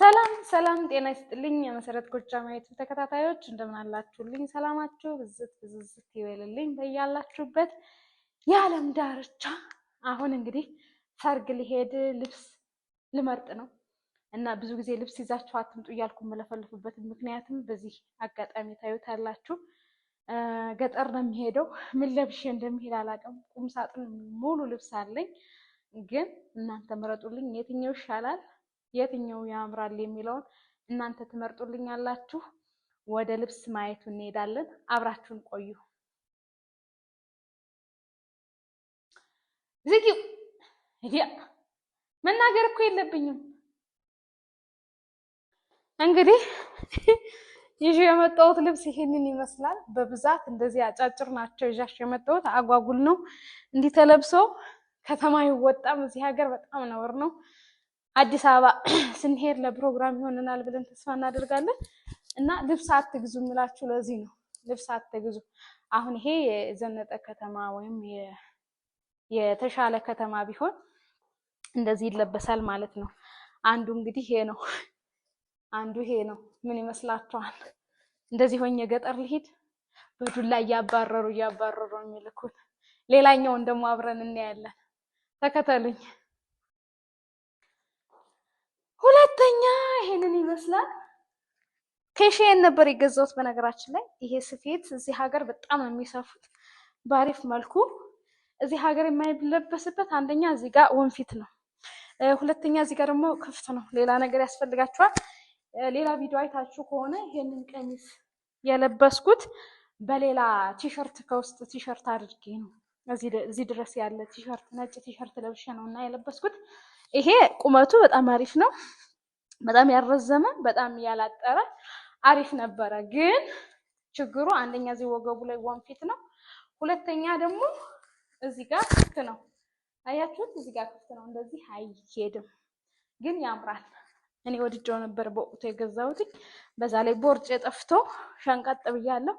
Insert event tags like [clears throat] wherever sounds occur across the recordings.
ሰላም ሰላም፣ ጤና ይስጥልኝ የመሰረት ኮቻ ማየቱ ተከታታዮች እንደምን አላችሁልኝ? ሰላማችሁ ብዝት ብዝዝት ይበልልኝ በያላችሁበት የዓለም ዳርቻ። አሁን እንግዲህ ሰርግ ሊሄድ ልብስ ልመርጥ ነው እና ብዙ ጊዜ ልብስ ይዛችሁ አትምጡ እያልኩ የምለፈልፉበት ምክንያትም በዚህ አጋጣሚ ታዩታላችሁ። ገጠር ነው የሚሄደው። ምን ለብሼ እንደሚሄድ አላውቅም። ቁምሳጥን ሙሉ ልብስ አለኝ፣ ግን እናንተ ምረጡልኝ የትኛው ይሻላል የትኛው ያምራል የሚለውን እናንተ ትመርጡልኛላችሁ። ወደ ልብስ ማየቱ እንሄዳለን። አብራችሁን ቆዩ። ዝጊው። መናገር እኮ የለብኝም። እንግዲህ ይዤ የመጣሁት ልብስ ይሄንን ይመስላል። በብዛት እንደዚህ አጫጭር ናቸው ይዣቸው የመጣሁት አጓጉል ነው። እንዲህ ተለብሶ ከተማ ይወጣም እዚህ ሀገር በጣም ነውር ነው። አዲስ አበባ [clears throat] ስንሄድ ለፕሮግራም ይሆነናል ብለን ተስፋ እናደርጋለን። እና ልብስ አትግዙ የምላችሁ ለዚህ ነው። ልብስ አትግዙ። አሁን ይሄ የዘነጠ ከተማ ወይም የተሻለ ከተማ ቢሆን እንደዚህ ይለበሳል ማለት ነው። አንዱ እንግዲህ ይሄ ነው። [laughs] አንዱ ይሄ ነው። ምን ይመስላችኋል? እንደዚህ ሆኜ ገጠር ልሂድ በዱላ እያባረሩ እያባረሩ የሚልኩት። ሌላኛውን ደግሞ አብረን እናያለን። ተከተሉኝ። ሁለተኛ ይሄንን ይመስላል። ከሼን ነበር የገዛሁት። በነገራችን ላይ ይሄ ስፌት እዚህ ሀገር በጣም ነው የሚሰፉት በአሪፍ መልኩ። እዚህ ሀገር የማይለበስበት አንደኛ እዚህ ጋር ወንፊት ነው፣ ሁለተኛ እዚህ ጋር ደግሞ ክፍት ነው። ሌላ ነገር ያስፈልጋችኋል። ሌላ ቪዲዮ አይታችሁ ከሆነ ይሄንን ቀሚስ የለበስኩት በሌላ ቲሸርት ከውስጥ ቲሸርት አድርጌ ነው እዚህ ድረስ ያለ ቲሸርት ነጭ ቲሸርት ለብሼ ነው እና የለበስኩት። ይሄ ቁመቱ በጣም አሪፍ ነው። በጣም ያልረዘመ በጣም ያላጠረ አሪፍ ነበረ። ግን ችግሩ አንደኛ እዚህ ወገቡ ላይ ወንፊት ነው፣ ሁለተኛ ደግሞ እዚህ ጋር ክፍት ነው። አያችሁት? እዚህ ጋር ክፍት ነው። እንደዚህ አይሄድም ግን ያምራል። እኔ ወድጀው ነበር በወቅቱ የገዛሁት። በዛ ላይ ቦርጭ የጠፍቶ ሸንቀጥ ብያለሁ።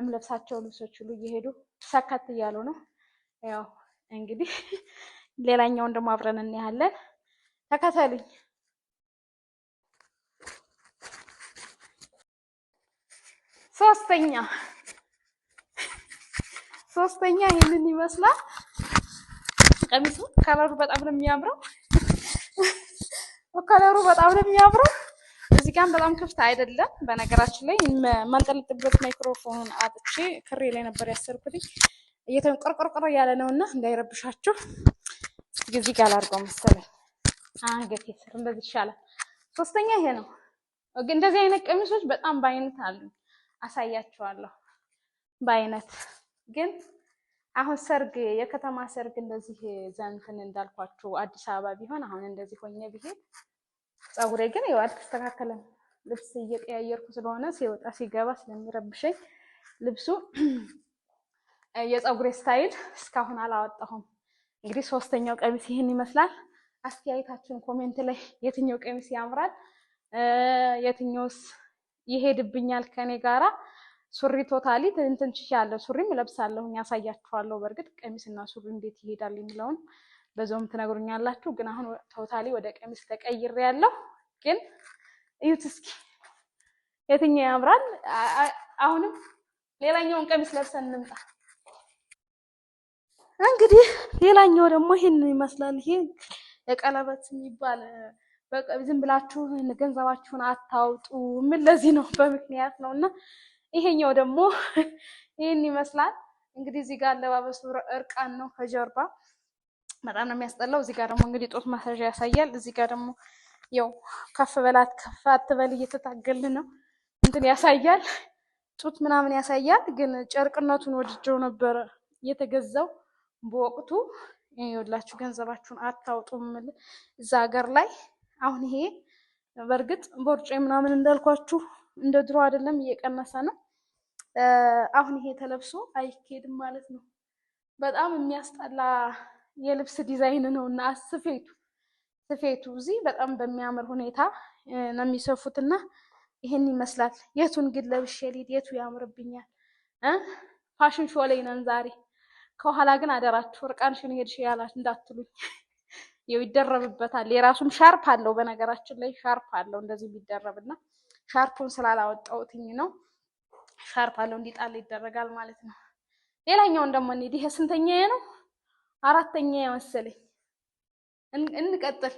እምለብሳቸው ልብሶች ሁሉ እየሄዱ ሰከት እያሉ ነው። ያው እንግዲህ ሌላኛውን ደግሞ አብረን እናያለን። ተከተሉኝ። ሶስተኛ ሶስተኛ ይህንን ይመስላል። ቀሚሱ ከለሩ በጣም ነው የሚያምረው። ከለሩ በጣም ነው የሚያምረው። እዚህ ጋር በጣም ክፍት አይደለም። በነገራችን ላይ የማንጠልጥበት ማይክሮፎኑን አጥቼ ክሬ ላይ ነበር ያሰርኩትኝ እየተንቆርቆርቆር ያለ ነው እና እንዳይረብሻችሁ እዚህ ጋር ላድርገው መሰለኝ። አንገቴ ስር እንደዚህ ይሻላል። ሶስተኛ ይሄ ነው። እንደዚህ አይነት ቀሚሶች በጣም በአይነት አሉ። አሳያችኋለሁ። በአይነት ግን አሁን ሰርግ የከተማ ሰርግ እንደዚህ ዘንትን እንዳልኳችሁ አዲስ አበባ ቢሆን አሁን እንደዚህ ሆኜ ቢሄድ ፀጉሬ ግን ይኸው አልተስተካከለም። ልብስ እየቀያየርኩ ስለሆነ ሲወጣ ሲገባ ስለሚረብሸኝ ልብሱ [clears throat] የፀጉሬ ስታይል እስካሁን አላወጣሁም። እንግዲህ ሶስተኛው ቀሚስ ይህን ይመስላል። አስተያየታችሁን ኮሜንት ላይ የትኛው ቀሚስ ያምራል የትኛውስ ይሄድብኛል ከኔ ጋራ ሱሪ ቶታሊ እንትን ችያለሁ። ሱሪም እለብሳለሁ ያሳያችኋለሁ። በእርግጥ ቀሚስና ሱሪ እንዴት ይሄዳል የሚለውን በዛውም ትነግሩኛላችሁ። ግን አሁን ቶታሊ ወደ ቀሚስ ተቀይሬ ያለሁ። ግን እዩት እስኪ የትኛው ያምራል። አሁንም ሌላኛውን ቀሚስ ለብሰን እንምጣ። እንግዲህ ሌላኛው ደግሞ ይሄን ይመስላል። ይሄ የቀለበት የሚባል ዝም ብላችሁ ገንዘባችሁን አታውጡ። ምን ለዚህ ነው በምክንያት ነው። እና ይሄኛው ደግሞ ይህን ይመስላል እንግዲህ እዚህ ጋር አለባበሱ እርቃን ነው ከጀርባ በጣም ነው የሚያስጠላው። እዚህ ጋር ደግሞ እንግዲህ ጡት ማሳዣ ያሳያል። እዚህ ጋር ደግሞ ያው ከፍ በላት ከፍ አትበል እየተታገል ነው እንትን ያሳያል፣ ጡት ምናምን ያሳያል። ግን ጨርቅነቱን ወድጀው ነበረ የተገዛው በወቅቱ። ይኸውላችሁ ገንዘባችሁን አታውጡም እዛ ሀገር ላይ አሁን ይሄ በእርግጥ ቦርጮ ምናምን እንዳልኳችሁ እንደ ድሮ አይደለም፣ እየቀነሰ ነው። አሁን ይሄ ተለብሶ አይኬድም ማለት ነው። በጣም የሚያስጠላ የልብስ ዲዛይን ነው እና ስፌቱ ስፌቱ እዚህ በጣም በሚያምር ሁኔታ ነው የሚሰፉት እና ይህን ይመስላል። የቱን ግን ለብሼ ልሂድ? የቱ ያምርብኛል? ፋሽን ሾ ላይ ነን ዛሬ። ከኋላ ግን አደራችሁ እርቃንሽን ሄድሽ ያላት እንዳትሉኝ። ይው ይደረብበታል። የራሱም ሻርፕ አለው። በነገራችን ላይ ሻርፕ አለው እንደዚህ ቢደረብና ሻርፑን ስላላወጣውትኝ ነው። ሻርፕ አለው እንዲጣል ይደረጋል ማለት ነው። ሌላኛውን ደግሞ እንሂድ። ይሄ ስንተኛ ነው? አራተኛ መሰለኝ። እንቀጥል።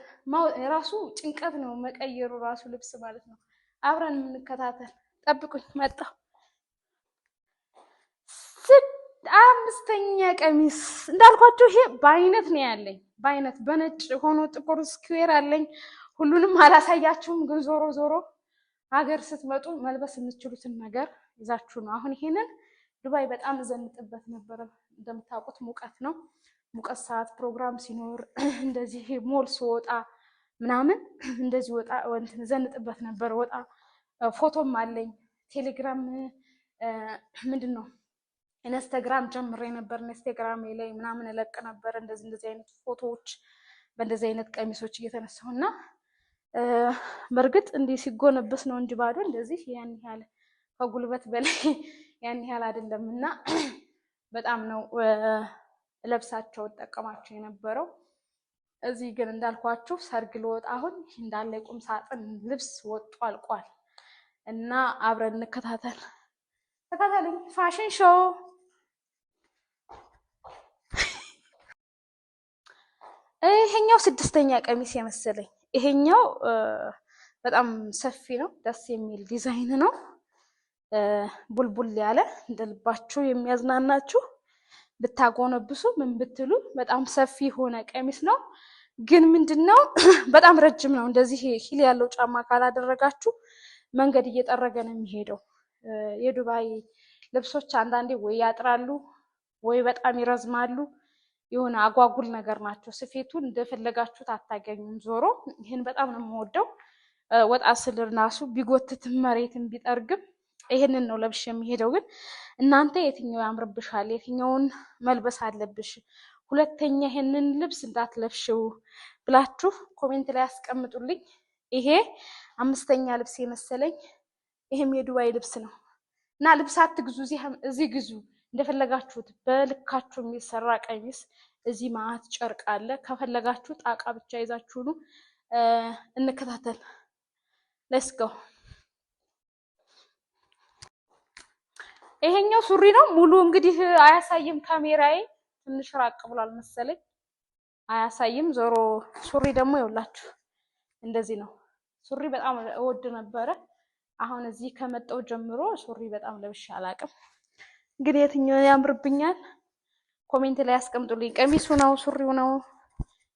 ራሱ ጭንቀት ነው መቀየሩ ራሱ ልብስ ማለት ነው። አብረን የምንከታተል ጠብቁኝ። መጣሁ አምስተኛ ቀሚስ እንዳልኳቸው ይሄ በአይነት ነው ያለኝ። በአይነት በነጭ ሆኖ ጥቁር ስኩዌር አለኝ። ሁሉንም አላሳያችሁም፣ ግን ዞሮ ዞሮ ሀገር ስትመጡ መልበስ የምትችሉትን ነገር ይዛችሁ ነው። አሁን ይሄንን ዱባይ በጣም እዘንጥበት ነበረ። እንደምታውቁት ሙቀት ነው። ሙቀት ሰዓት ፕሮግራም ሲኖር [clears throat] እንደዚህ ሞል ስወጣ ምናምን [clears throat] እንደዚህ ወጣ እንትን ዘንጥበት ነበር። ወጣ ፎቶም አለኝ ቴሌግራም ምንድን ነው ኢንስታግራም ጀምሬ ነበር። ኢንስታግራም ላይ ምናምን እለቅ ነበር እንደዚህ እንደዚህ አይነት ፎቶዎች በእንደዚህ አይነት ቀሚሶች እየተነሳሁ እና በእርግጥ እንዲህ ሲጎነበስ ነው እንጂ ባዶ እንደዚህ ያን ያህል ከጉልበት በላይ [laughs] ያን ያህል አይደለም እና [clears throat] በጣም ነው ለብሳቸው እጠቀማቸው የነበረው። እዚህ ግን እንዳልኳችሁ ሰርግ ልወጣ አሁን እንዳለ ቁም ሳጥን ልብስ ወጡ አልቋል እና አብረን እንከታተል። ተከታተሉኝ ፋሽን ሾው ይሄኛው ስድስተኛ ቀሚስ የመሰለኝ። ይሄኛው በጣም ሰፊ ነው፣ ደስ የሚል ዲዛይን ነው። ቡልቡል ያለ እንደልባችሁ የሚያዝናናችሁ ብታጎነብሱ ምን ብትሉ በጣም ሰፊ የሆነ ቀሚስ ነው። ግን ምንድን ነው [clears throat] በጣም ረጅም ነው። እንደዚህ ሂል ያለው ጫማ ካላደረጋችሁ መንገድ እየጠረገ ነው የሚሄደው። የዱባይ ልብሶች አንዳንዴ ወይ ያጥራሉ ወይ በጣም ይረዝማሉ። የሆነ አጓጉል ነገር ናቸው። ስፌቱ እንደፈለጋችሁት አታገኙም። ዞሮ ይህን በጣም ነው የምወደው። ወጣ ስል ራሱ ቢጎትትም መሬትም ቢጠርግም ይህንን ነው ለብሽ የሚሄደው። ግን እናንተ የትኛው ያምርብሻል፣ የትኛውን መልበስ አለብሽ፣ ሁለተኛ ይህንን ልብስ እንዳትለብሽው ብላችሁ ኮሜንት ላይ ያስቀምጡልኝ። ይሄ አምስተኛ ልብስ የመሰለኝ ይህም የዱባይ ልብስ ነው እና ልብስ አትግዙ፣ እዚህ ግዙ። እንደፈለጋችሁት በልካችሁ የሚሰራ ቀሚስ እዚህ ማት ጨርቅ አለ። ከፈለጋችሁ ጣቃ ብቻ ይዛችሁ እንከታተል ሌትስ ጎ። ይሄኛው ሱሪ ነው። ሙሉ እንግዲህ አያሳይም ካሜራዬ ትንሽ ራቅ ብሏል መሰለኝ አያሳይም። ዞሮ ሱሪ ደግሞ ይውላችሁ እንደዚህ ነው። ሱሪ በጣም እወድ ነበረ። አሁን እዚህ ከመጣው ጀምሮ ሱሪ በጣም ለብሼ አላቅም። እንግዲህ የትኛው ያምርብኛል ኮሜንት ላይ አስቀምጡልኝ። ቀሚሱ ነው ሱሪው ነው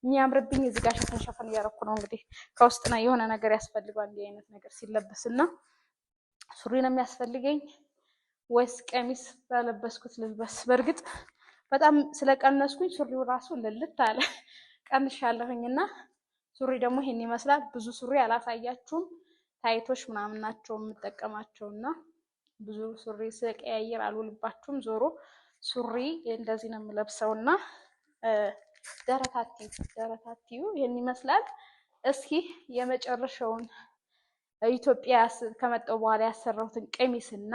የሚያምርብኝ? እዚህ ጋር ሸፈን ሸፈን እያደረኩ ነው። እንግዲህ ከውስጥ ነው የሆነ ነገር ያስፈልጓል እንዲህ አይነት ነገር ሲለበስና ሱሪ ነው የሚያስፈልገኝ ወይስ ቀሚስ ባለበስኩት ልልበስ? በእርግጥ በጣም ስለቀነስኩኝ ሱሪው ራሱ ልልት አለ ቀንሻለሁኝ። እና ሱሪ ደግሞ ይሄን ይመስላል። ብዙ ሱሪ አላሳያችሁም። ታይቶች ምናምን ናቸው የምጠቀማቸው እና ብዙ ሱሪ ስቀያየር አልውልባችሁም። ዞሮ ሱሪ እንደዚህ ነው የምለብሰው እና ደረታቲው ደረታቲው ይህን ይመስላል። እስኪ የመጨረሻውን ኢትዮጵያ ከመጣሁ በኋላ ያሰራሁትን ቀሚስ እና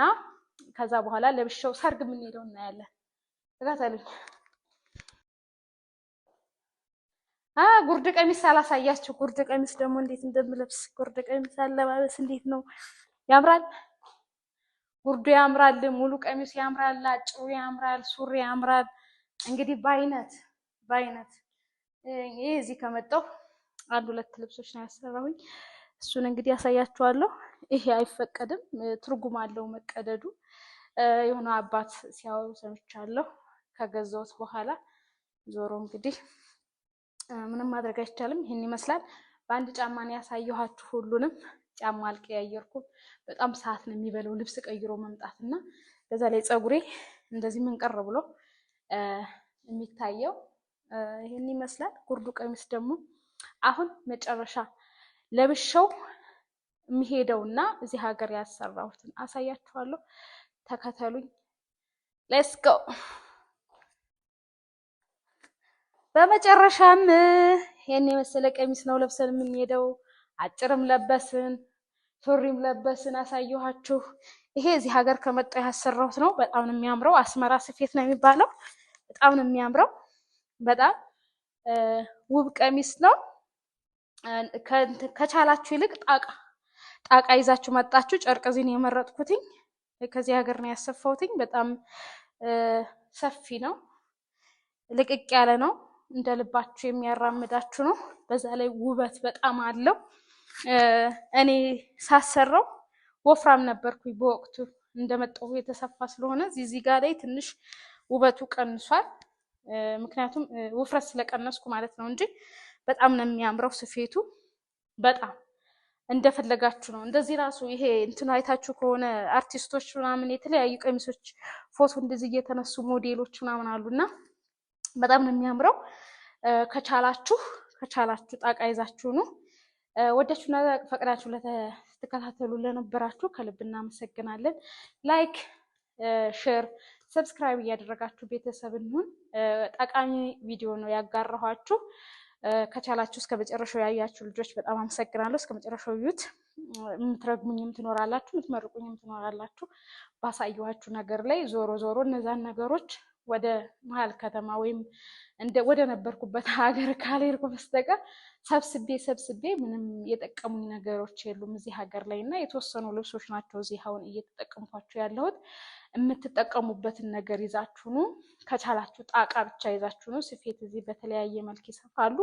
ከዛ በኋላ ለብሻው ሰርግ የምንሄደው እናያለን። ተከተሉኝ። ጉርድ ቀሚስ አላሳያችሁ። ጉርድ ቀሚስ ደግሞ እንዴት እንደምለብስ ጉርድ ቀሚስ አለባበስ እንዴት ነው? ያምራል። ጉርዱ ያምራል፣ ሙሉ ቀሚስ ያምራል፣ አጭሩ ያምራል፣ ሱሪ ያምራል። እንግዲህ በአይነት በአይነት ይሄ እዚህ ከመጣው አንድ ሁለት ልብሶች ነው ያሰራሁኝ። እሱን እንግዲህ ያሳያችኋለሁ። ይሄ አይፈቀድም፣ ትርጉም አለው መቀደዱ። የሆነ አባት ሲያወሩ ሰምቻለሁ ከገዛሁት በኋላ። ዞሮ እንግዲህ ምንም ማድረግ አይቻልም። ይህን ይመስላል። በአንድ ጫማ ነው ያሳየኋችሁ ሁሉንም ጫማ አልቀያየርኩም። በጣም ሰዓት ነው የሚበለው ልብስ ቀይሮ መምጣት እና በዛ ላይ ፀጉሬ እንደዚህ ምንቀር ብሎ የሚታየው ይህን ይመስላል። ጉርዱ ቀሚስ ደግሞ አሁን መጨረሻ ለብሻው የሚሄደውና እዚህ ሀገር ያሰራሁትን አሳያችኋለሁ። ተከተሉኝ። ሌትስ ጎ። በመጨረሻም ይህን የመሰለ ቀሚስ ነው ለብሰን የምንሄደው። አጭርም ለበስን ሱሪም ለበስን አሳየኋችሁ። ይሄ እዚህ ሀገር ከመጣሁ ያሰራሁት ነው። በጣም ነው የሚያምረው። አስመራ ስፌት ነው የሚባለው። በጣም ነው የሚያምረው። በጣም ውብ ቀሚስ ነው። ከቻላችሁ ይልቅ ጣቃ ጣቃ ይዛችሁ መጣችሁ። ጨርቅ እዚህ ነው የመረጥኩትኝ። ከዚህ ሀገር ነው ያሰፋሁትኝ። በጣም ሰፊ ነው፣ ልቅቅ ያለ ነው። እንደ ልባችሁ የሚያራምዳችሁ ነው። በዛ ላይ ውበት በጣም አለው። እኔ ሳሰራው ወፍራም ነበርኩኝ በወቅቱ እንደመጣሁ የተሰፋ ስለሆነ እዚህ ጋር ላይ ትንሽ ውበቱ ቀንሷል። ምክንያቱም ውፍረት ስለቀነስኩ ማለት ነው እንጂ በጣም ነው የሚያምረው ስፌቱ። በጣም እንደፈለጋችሁ ነው። እንደዚህ ራሱ ይሄ እንትን አይታችሁ ከሆነ አርቲስቶች ምናምን የተለያዩ ቀሚሶች ፎቶ እንደዚህ እየተነሱ ሞዴሎች ምናምን አሉና በጣም ነው የሚያምረው። ከቻላችሁ ከቻላችሁ ጣቃ ይዛችሁ ነው ወዳችሁና ፈቅዳችሁ ለተከታተሉ ለነበራችሁ ከልብ እናመሰግናለን። ላይክ፣ ሼር፣ ሰብስክራይብ እያደረጋችሁ ቤተሰብ እንሁን። ጠቃሚ ቪዲዮ ነው ያጋራኋችሁ። ከቻላችሁ እስከ መጨረሻው ያያችሁ ልጆች በጣም አመሰግናለሁ። እስከ መጨረሻው እዩት። የምትረግሙኝም ትኖራላችሁ፣ የምትመርቁኝም ትኖራላችሁ። ባሳየኋችሁ ነገር ላይ ዞሮ ዞሮ እነዛን ነገሮች ወደ መሀል ከተማ ወይም ወደ ነበርኩበት [laughs] ሀገር ካልሄድኩ በስተቀር ሰብስቤ ሰብስቤ ምንም የጠቀሙኝ ነገሮች የሉም እዚህ ሀገር ላይ እና የተወሰኑ ልብሶች ናቸው እዚህ አሁን እየተጠቀምኳቸው ያለሁት። የምትጠቀሙበትን ነገር ይዛችሁ ኑ። ከቻላችሁ ጣቃ ብቻ ይዛችሁ ኑ። ስፌት እዚህ በተለያየ መልክ ይሰፋሉ።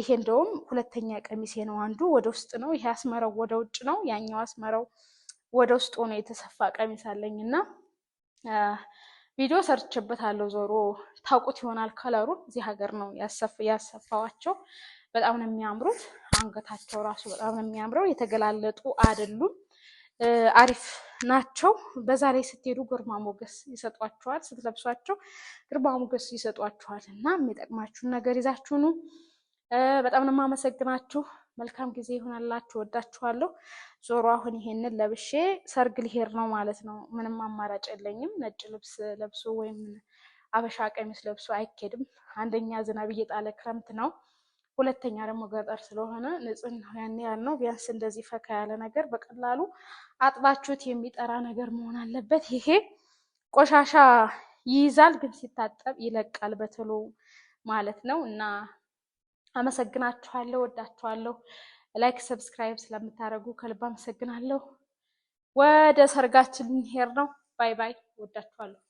ይሄ እንደውም ሁለተኛ ቀሚሴ ነው። አንዱ ወደ ውስጥ ነው፣ ይሄ አስመራው ወደ ውጭ ነው። ያኛው አስመራው ወደ ውስጥ ሆኖ የተሰፋ ቀሚስ አለኝ እና ቪዲዮ ሰርችበታለሁ። ዞሮ ታውቁት ይሆናል። ከለሩን እዚህ ሀገር ነው ያሰፋዋቸው። በጣም ነው የሚያምሩት። አንገታቸው ራሱ በጣም ነው የሚያምረው። የተገላለጡ አይደሉም፣ አሪፍ ናቸው። በዛ ላይ ስትሄዱ ግርማ ሞገስ ይሰጧችኋል። ስትለብሷቸው ግርማ ሞገስ ይሰጧችኋል እና የሚጠቅማችሁን ነገር ይዛችሁ ነው? በጣም ነው የማመሰግናችሁ። መልካም ጊዜ ይሆናላችሁ። ወዳችኋለሁ። ዞሮ አሁን ይሄንን ለብሼ ሰርግ ሊሄድ ነው ማለት ነው። ምንም አማራጭ የለኝም። ነጭ ልብስ ለብሶ ወይም አበሻ ቀሚስ ለብሶ አይኬድም። አንደኛ ዝናብ እየጣለ ክረምት ነው። ሁለተኛ ደግሞ ገጠር ስለሆነ ንጽህናው ያን ያህል ነው። ቢያንስ እንደዚህ ፈካ ያለ ነገር በቀላሉ አጥባችሁት የሚጠራ ነገር መሆን አለበት። ይሄ ቆሻሻ ይይዛል፣ ግን ሲታጠብ ይለቃል በቶሎ ማለት ነው እና አመሰግናችኋለሁ፣ ወዳችኋለሁ። ላይክ ሰብስክራይብ ስለምታደርጉ ከልብ አመሰግናለሁ። ወደ ሰርጋችን ሄር ነው። ባይ ባይ። ወዳችኋለሁ።